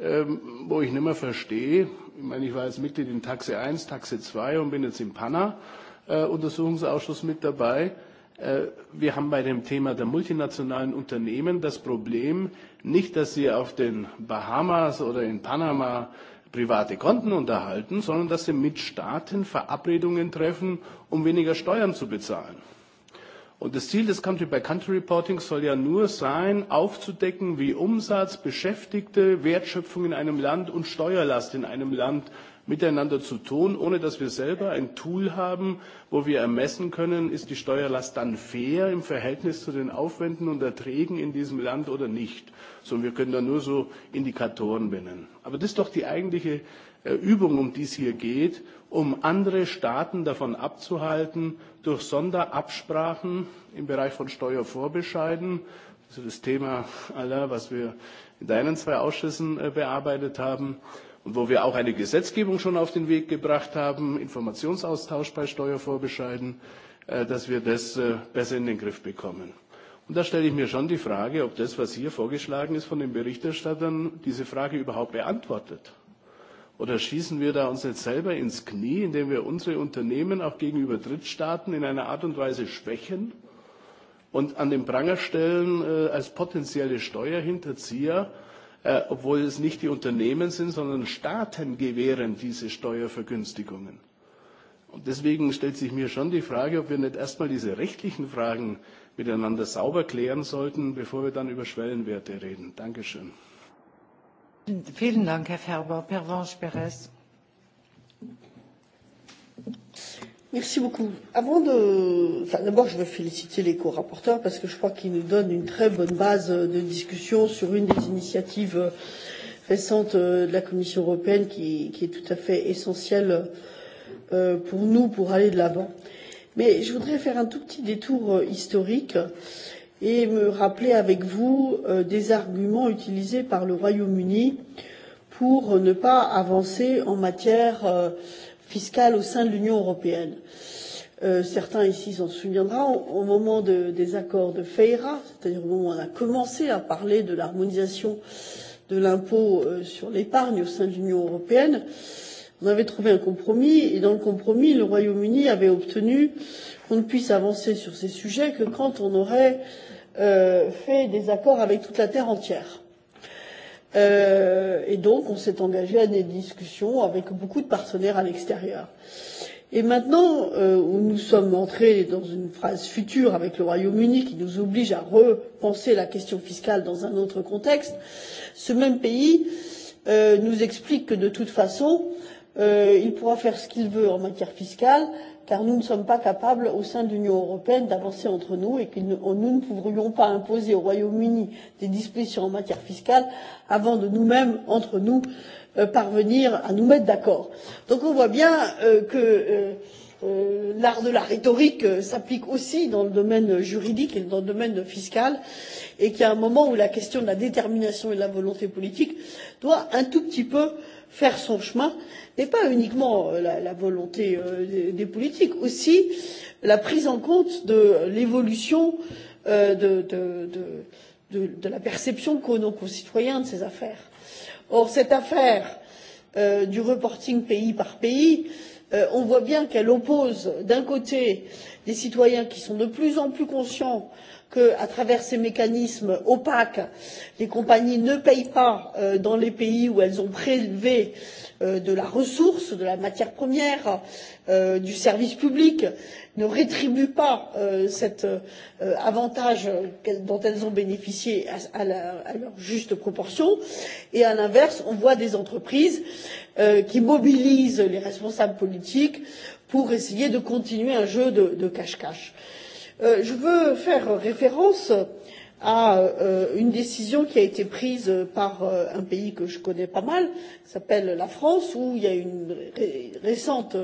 ähm, wo ich nicht mehr verstehe. Ich meine, ich war jetzt Mitglied in Taxe 1, Taxe 2 und bin jetzt im PANA-Untersuchungsausschuss äh, mit dabei. Äh, wir haben bei dem Thema der multinationalen Unternehmen das Problem nicht, dass sie auf den Bahamas oder in Panama private Konten unterhalten, sondern dass sie mit Staaten Verabredungen treffen, um weniger Steuern zu bezahlen. Und das Ziel des Country-by-Country-Reporting soll ja nur sein, aufzudecken, wie Umsatz, Beschäftigte, Wertschöpfung in einem Land und Steuerlast in einem Land miteinander zu tun, ohne dass wir selber ein Tool haben, wo wir ermessen können, ist die Steuerlast dann fair im Verhältnis zu den Aufwänden und Erträgen in diesem Land oder nicht. Sondern wir können da nur so Indikatoren benennen. Aber das ist doch die eigentliche Übung, um die es hier geht, um andere Staaten davon abzuhalten, durch Sonderabsprachen im Bereich von Steuervorbescheiden, also das Thema aller, was wir in deinen zwei Ausschüssen äh, bearbeitet haben, und wo wir auch eine Gesetzgebung schon auf den Weg gebracht haben, Informationsaustausch bei Steuervorbescheiden, äh, dass wir das äh, besser in den Griff bekommen. Und da stelle ich mir schon die Frage, ob das, was hier vorgeschlagen ist von den Berichterstattern, diese Frage überhaupt beantwortet. Oder schießen wir da uns jetzt selber ins Knie, indem wir unsere Unternehmen auch gegenüber Drittstaaten in einer Art und Weise schwächen und an den Pranger stellen äh, als potenzielle Steuerhinterzieher, äh, obwohl es nicht die Unternehmen sind, sondern Staaten gewähren diese Steuervergünstigungen. Und deswegen stellt sich mir schon die Frage, ob wir nicht erstmal diese rechtlichen Fragen miteinander sauber klären sollten, bevor wir dann über Schwellenwerte reden. Dankeschön. Vielen Dank, Herr Ferber. Pervenche Perez. Merci beaucoup. Avant de, enfin, d'abord, je veux féliciter les co-rapporteurs parce que je crois qu'ils nous donnent une très bonne base de discussion sur une des initiatives euh, récentes euh, de la Commission européenne qui, qui est tout à fait essentielle euh, pour nous pour aller de l'avant. Mais je voudrais faire un tout petit détour historique et me rappeler avec vous euh, des arguments utilisés par le Royaume-Uni pour ne pas avancer en matière euh, fiscale au sein de l'Union européenne. Euh, certains ici s'en souviendront, au moment de, des accords de FEIRA, c'est-à-dire au moment où on a commencé à parler de l'harmonisation de l'impôt euh, sur l'épargne au sein de l'Union européenne, on avait trouvé un compromis et dans le compromis, le Royaume-Uni avait obtenu euh, on ne puisse avancer sur ces sujets que quand on aurait euh, fait des accords avec toute la Terre entière. Euh, et donc, on s'est engagé à des discussions avec beaucoup de partenaires à l'extérieur. Et maintenant, euh, où nous sommes entrés dans une phase future avec le Royaume-Uni qui nous oblige à repenser la question fiscale dans un autre contexte, ce même pays euh, nous explique que de toute façon, euh, il pourra faire ce qu'il veut en matière fiscale car nous ne sommes pas capables au sein de l'Union européenne d'avancer entre nous et que nous, nous ne pourrions pas imposer au Royaume-Uni des dispositions en matière fiscale avant de nous-mêmes, entre nous, euh, parvenir à nous mettre d'accord. Donc on voit bien euh, que euh, euh, l'art de la rhétorique euh, s'applique aussi dans le domaine juridique et dans le domaine fiscal et qu'il y a un moment où la question de la détermination et de la volonté politique doit un tout petit peu euh, faire son chemin n'est pas uniquement euh, la, la volonté euh, des, des politiques, aussi la prise en compte de l'évolution euh, de, de, de, de, de la perception qu'ont nos concitoyens de ces affaires. Or, cette affaire euh, du reporting pays par pays, euh, on voit bien qu'elle oppose d'un côté des citoyens qui sont de plus en plus conscients euh, qu'à travers ces mécanismes opaques les compagnies ne paient pas euh, dans les pays où elles ont prélevé euh, de la ressource de la matière première euh, du service public ne rétribuent pas euh, cet euh, avantage dont elles ont bénéficié à, à, la, à leur juste proportion et à l'inverse on voit des entreprises euh, qui mobilisent les responsables politiques pour essayer de continuer un jeu de cache cache. Euh, je veux faire référence à euh, une décision qui a été prise par euh, un pays que je connais pas mal, qui s'appelle la France, où il y a une ré récente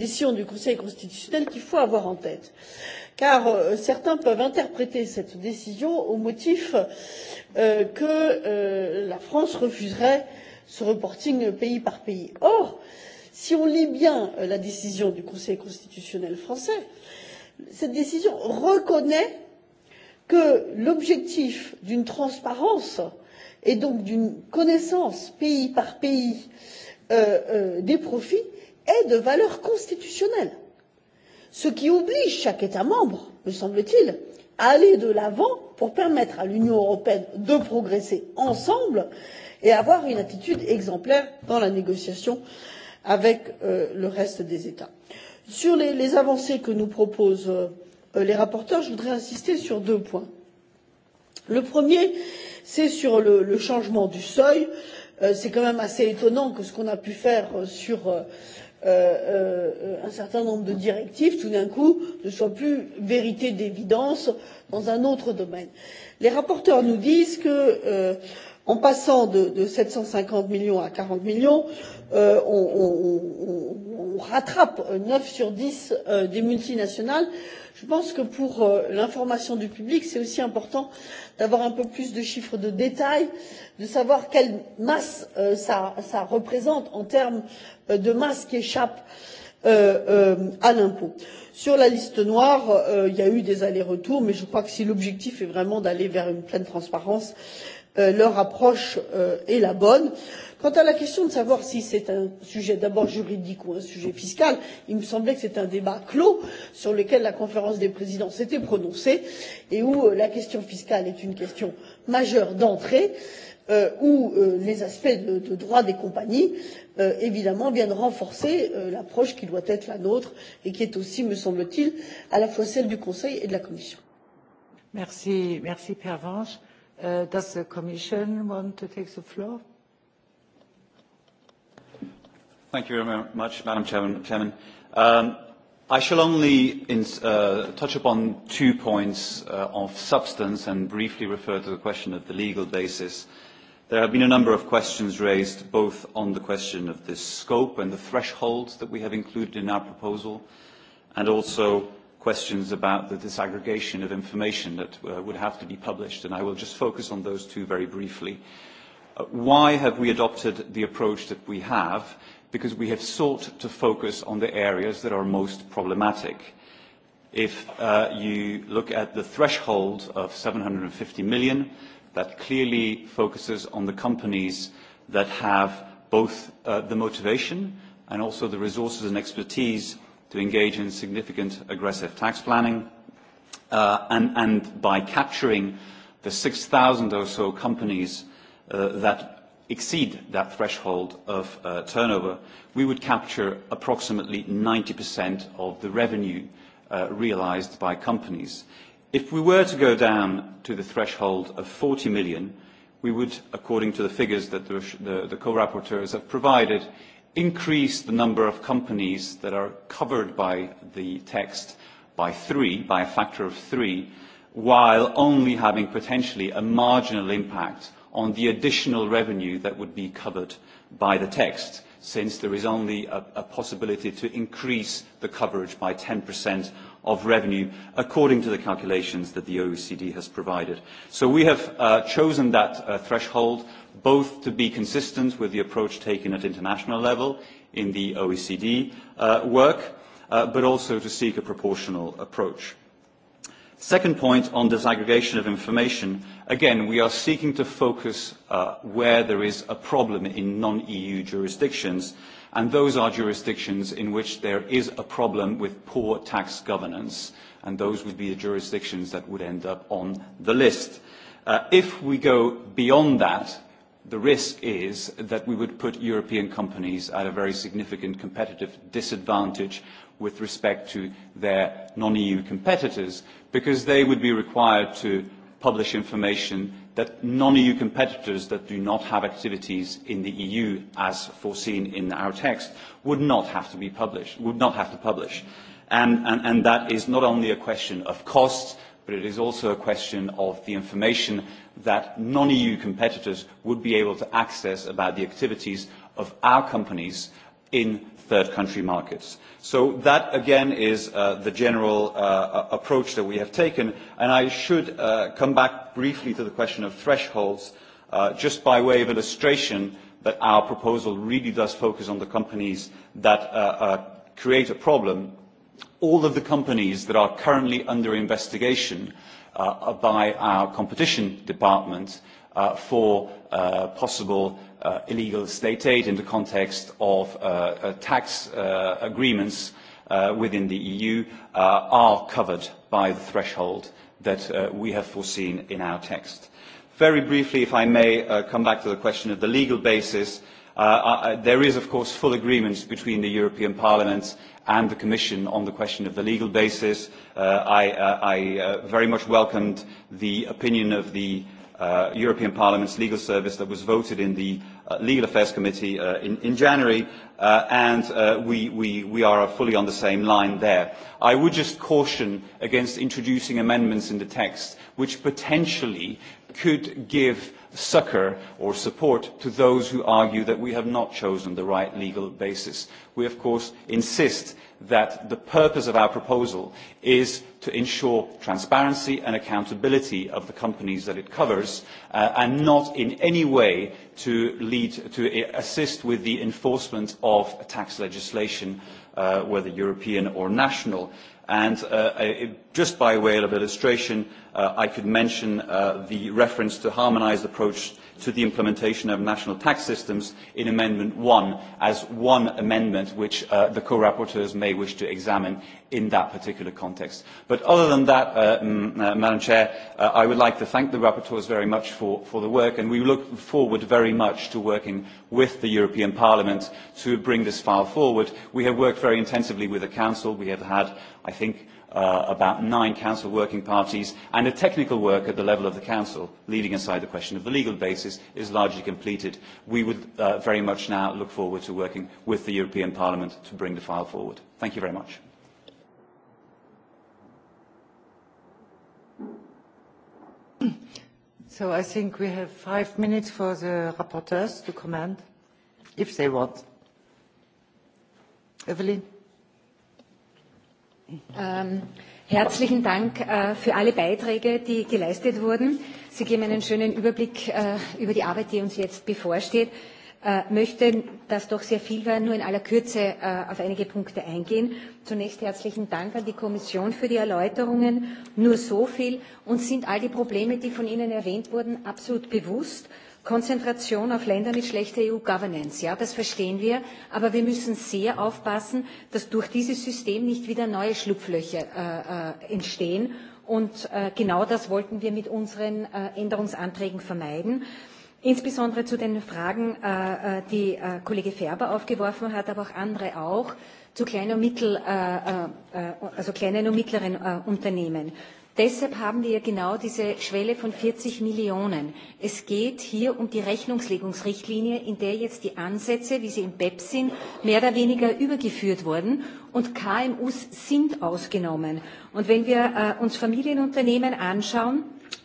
décision du Conseil constitutionnel qu'il faut avoir en tête. Car euh, certains peuvent interpréter cette décision au motif euh, que euh, la France refuserait ce reporting pays par pays. Or, si on lit bien euh, la décision du Conseil constitutionnel français, cette décision reconnaît que l'objectif d'une transparence et donc d'une connaissance pays par pays euh, euh, des profits est de valeur constitutionnelle, ce qui oblige chaque État membre, me semble t il, à aller de l'avant pour permettre à l'Union européenne de progresser ensemble et avoir une attitude exemplaire dans la négociation avec euh, le reste des États. Euh, Sur les, les avancées que nous proposent euh, les rapporteurs, je voudrais insister sur deux points. Le premier, c'est sur le, le changement du seuil. Euh, c'est quand même assez étonnant que ce qu'on a pu faire euh, sur euh, euh, euh, un certain nombre de directives, tout d'un coup, ne soit plus vérité d'évidence dans un autre domaine. Les rapporteurs nous disent que euh, en passant de, de 750 millions à 40 millions, euh, on, on, on, on rattrape 9 sur 10 euh, des multinationales. Je pense que pour euh, l'information du public, c'est aussi important d'avoir un peu plus de chiffres de détail, de savoir quelle masse euh, ça, ça représente en termes euh, de masse qui échappe euh, euh, à l'impôt. Sur la liste noire, euh, il y a eu des allers-retours, mais je crois que si l'objectif est vraiment d'aller vers une pleine transparence, euh, Euh, leur approche euh, est la bonne. quant à la question de savoir si c'est un sujet d'abord juridique ou un sujet fiscal il me semblait que c'était un débat clos sur lequel la conférence des présidents s'était prononcée et où euh, la question fiscale est une question majeure d'entrée où les aspects de, de droit des compagnies évidemment viennent renforcer l'approche qui doit être la nôtre et qui est aussi me semble t il à la fois celle du conseil et de la commission. merci, merci pervenche. Uh, does the Commission want to take the floor? Thank you very much, Madam Chairman. Um, I shall only in, uh, touch upon two points uh, of substance and briefly refer to the question of the legal basis. There have been a number of questions raised both on the question of the scope and the thresholds that we have included in our proposal and also questions about the disaggregation of information that uh, would have to be published, and I will just focus on those two very briefly. Uh, why have we adopted the approach that we have? Because we have sought to focus on the areas that are most problematic. If uh, you look at the threshold of 750 million, that clearly focuses on the companies that have both uh, the motivation and also the resources and expertise to engage in significant aggressive tax planning, uh, and, and by capturing the 6,000 or so companies uh, that exceed that threshold of uh, turnover, we would capture approximately 90% of the revenue uh, realized by companies. If we were to go down to the threshold of 40 million, we would, according to the figures that the, the, the co-rapporteurs have provided, increase the number of companies that are covered by the text by three, by a factor of three, while only having potentially a marginal impact on the additional revenue that would be covered by the text, since there is only a, a possibility to increase the coverage by 10% of revenue according to the calculations that the OECD has provided. So we have uh, chosen that uh, threshold both to be consistent with the approach taken at international level in the OECD uh, work, uh, but also to seek a proportional approach. Second point on disaggregation of information. Again, we are seeking to focus uh, where there is a problem in non-EU jurisdictions uh, And those are jurisdictions in which there is a problem with poor tax governance, and those would be the jurisdictions that would end up on the list. Uh, if we go beyond that, the risk is that we would put European companies at a very significant competitive disadvantage with respect to their non-EU competitors, because they would be required to publish information that non-EU competitors that do not have activities in the EU, as foreseen in our text, would not have to be published, would not have to publish. And, and, and that is not only a question of costs, but it is also a question of the information that non-EU competitors would be able to access about the activities of our companies in third country markets. So that, again, is uh, the general uh, approach that we have taken. And I should uh, come back briefly to the question of thresholds, uh, just by way of illustration that our proposal really does focus on the companies that uh, uh, create a problem. All of the companies that are currently under investigation uh, by our competition department uh, uh, for uh, possible uh, illegal state aid in the context of uh, uh, tax uh, agreements uh, within the EU uh, are covered by the threshold that uh, we have foreseen in our text. Very briefly, if I may uh, come back to the question of the legal basis, uh, uh, uh, there is, of course, full agreement between the European Parliament and the Commission on the question of the legal basis. Uh, I, uh, I uh, very much welcomed the opinion of the uh, uh, European Parliament's legal service that was voted in the uh, Legal Affairs Committee uh, in, in January, uh, and uh, we, we, we are fully on the same line there. I would just caution against introducing amendments in the text which potentially could give succor or support to those who argue that we have not chosen the right legal basis. We, of course, insist that the purpose of our proposal is to ensure transparency and accountability of the companies that it covers uh, and not in any way to lead to assist with the enforcement of tax legislation uh, whether European or national. And uh, it, just by way of illustration, uh, I could mention uh, the reference to harmonized approach to the implementation of national tax systems in Amendment 1 as one amendment which uh, the co-rapporteurs may wish to examine in that particular context. But other than that, uh, um, uh, Madam Chair, uh, I would like to thank the rapporteurs very much for, for the work, and we look forward very much to working with the European Parliament to bring this file forward. We have worked very intensively with the Council. We have had, I think, uh, about nine council working parties, and a technical work at the level of the council, leaving aside the question of the legal basis, is largely completed. We would uh, very much now look forward to working with the European Parliament to bring the file forward. Thank you very much. So I think we have five minutes for the rapporteurs to comment, if they want. Evelyn? Ähm, herzlichen Dank äh, für alle Beiträge, die geleistet wurden. Sie geben einen schönen Überblick äh, über die Arbeit, die uns jetzt bevorsteht. Äh, möchte, das doch sehr viel war, nur in aller Kürze äh, auf einige Punkte eingehen. Zunächst herzlichen Dank an die Kommission für die Erläuterungen. Nur so viel. Uns sind all die Probleme, die von Ihnen erwähnt wurden, absolut bewusst. Äh, Konzentration auf Länder mit schlechter EU-Governance. Ja, das verstehen wir. Aber wir müssen sehr aufpassen, dass durch dieses System nicht wieder neue Schlupflöcher äh, äh entstehen. Und äh, genau das wollten wir mit unseren äh, Änderungsanträgen vermeiden. Insbesondere zu den Fragen, äh, äh die äh, Kollege Ferber aufgeworfen hat, aber auch andere auch, zu kleinen und, mittel, äh, äh, äh also kleinen und mittleren äh, Unternehmen. Deshalb haben wir genau diese Schwelle von 40 Millionen. Es geht hier um die Rechnungslegungsrichtlinie, in der jetzt die Ansätze, wie sie im BEP sind, mehr oder weniger übergeführt wurden und KMUs sind ausgenommen. Und wenn wir äh, uns Familienunternehmen anschauen,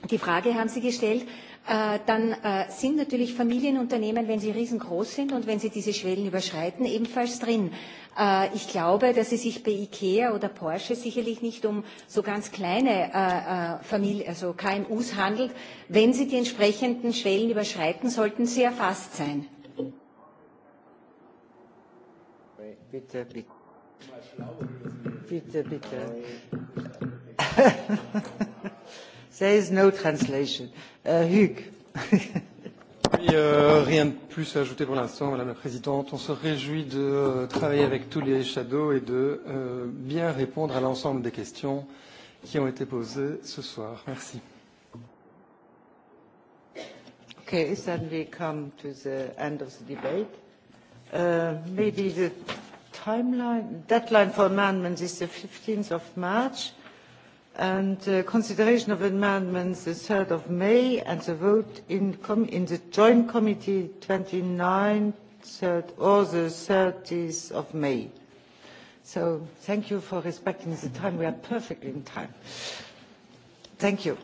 die Frage haben Sie gestellt, äh, dann äh, sind natürlich Familienunternehmen, wenn sie riesengroß sind und wenn sie diese Schwellen überschreiten, ebenfalls drin. Äh, ich glaube, dass es sich bei IKEA oder Porsche sicherlich nicht um so ganz kleine äh, äh Familie, also KMUs handelt. Wenn sie die entsprechenden Schwellen überschreiten, sollten sie erfasst sein. Bitte, bitte. Bitte, bitte. There is no translation. Euh, Hugues. oui, euh, rien de plus à ajouter pour l'instant, Madame la Présidente. On se réjouit de euh, travailler avec tous les shadows et de euh, bien répondre à l'ensemble des questions qui ont été posées ce soir. Merci. Okay, then we come to the end of the debate. Uh, maybe the timeline, deadline for amendments is the 15th of March and uh, consideration of amendments the 3rd of May and the vote in, com in the Joint Committee 29th third, or the 30th of May. So thank you for respecting the time. We are perfectly in time. Thank you.